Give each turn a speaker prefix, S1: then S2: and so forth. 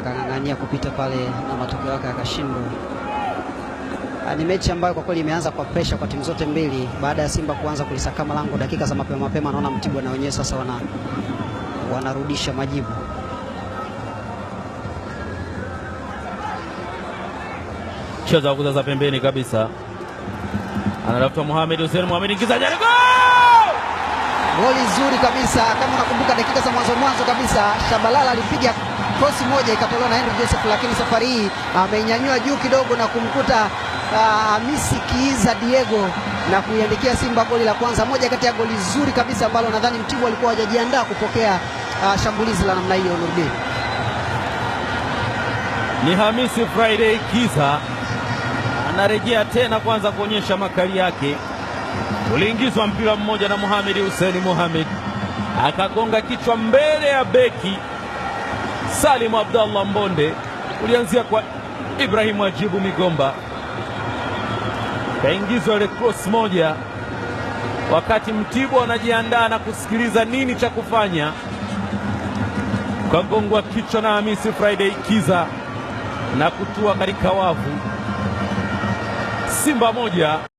S1: akang'ang'ania kupita pale na matokeo yake akashindwa. Ah, ni mechi ambayo kwa kweli imeanza kwa presha kwa timu zote mbili, baada ya Simba kuanza kulisakama lango dakika za mapema mapema, naona Mtibwa na wenyewe sasa wana wanarudisha majibu.
S2: Cheza za pembeni kabisa, anatafuta Mohamed Hussein, Mohamed ingiza jana
S1: goli zuri kabisa. Kama unakumbuka dakika za mwanzo mwanzo kabisa, Shabalala alipiga Krosi moja ikatolewa na Henry Joseph, lakini safari hii ah, amenyanyua juu kidogo na kumkuta ah, Hamisi Kiiza Diego na kuiandikia Simba goli la kwanza, moja kati ya goli zuri kabisa ambalo nadhani Mtibwa alikuwa hajajiandaa kupokea ah, shambulizi la namna hiyo. Nurdin
S2: ni Hamisi Friday Kiza anarejea tena kwanza kuonyesha makali yake. Uliingizwa mpira mmoja na muhamedi Hussein muhamedi akagonga kichwa mbele ya beki Salim Abdallah Mbonde, ulianzia kwa Ibrahimu Ajibu Migomba, kaingizwa ile cross moja, wakati Mtibwa anajiandaa na kusikiliza nini cha kufanya. Kagongwa kichwa na Hamisi Friday Kiza na kutua katika wavu. Simba moja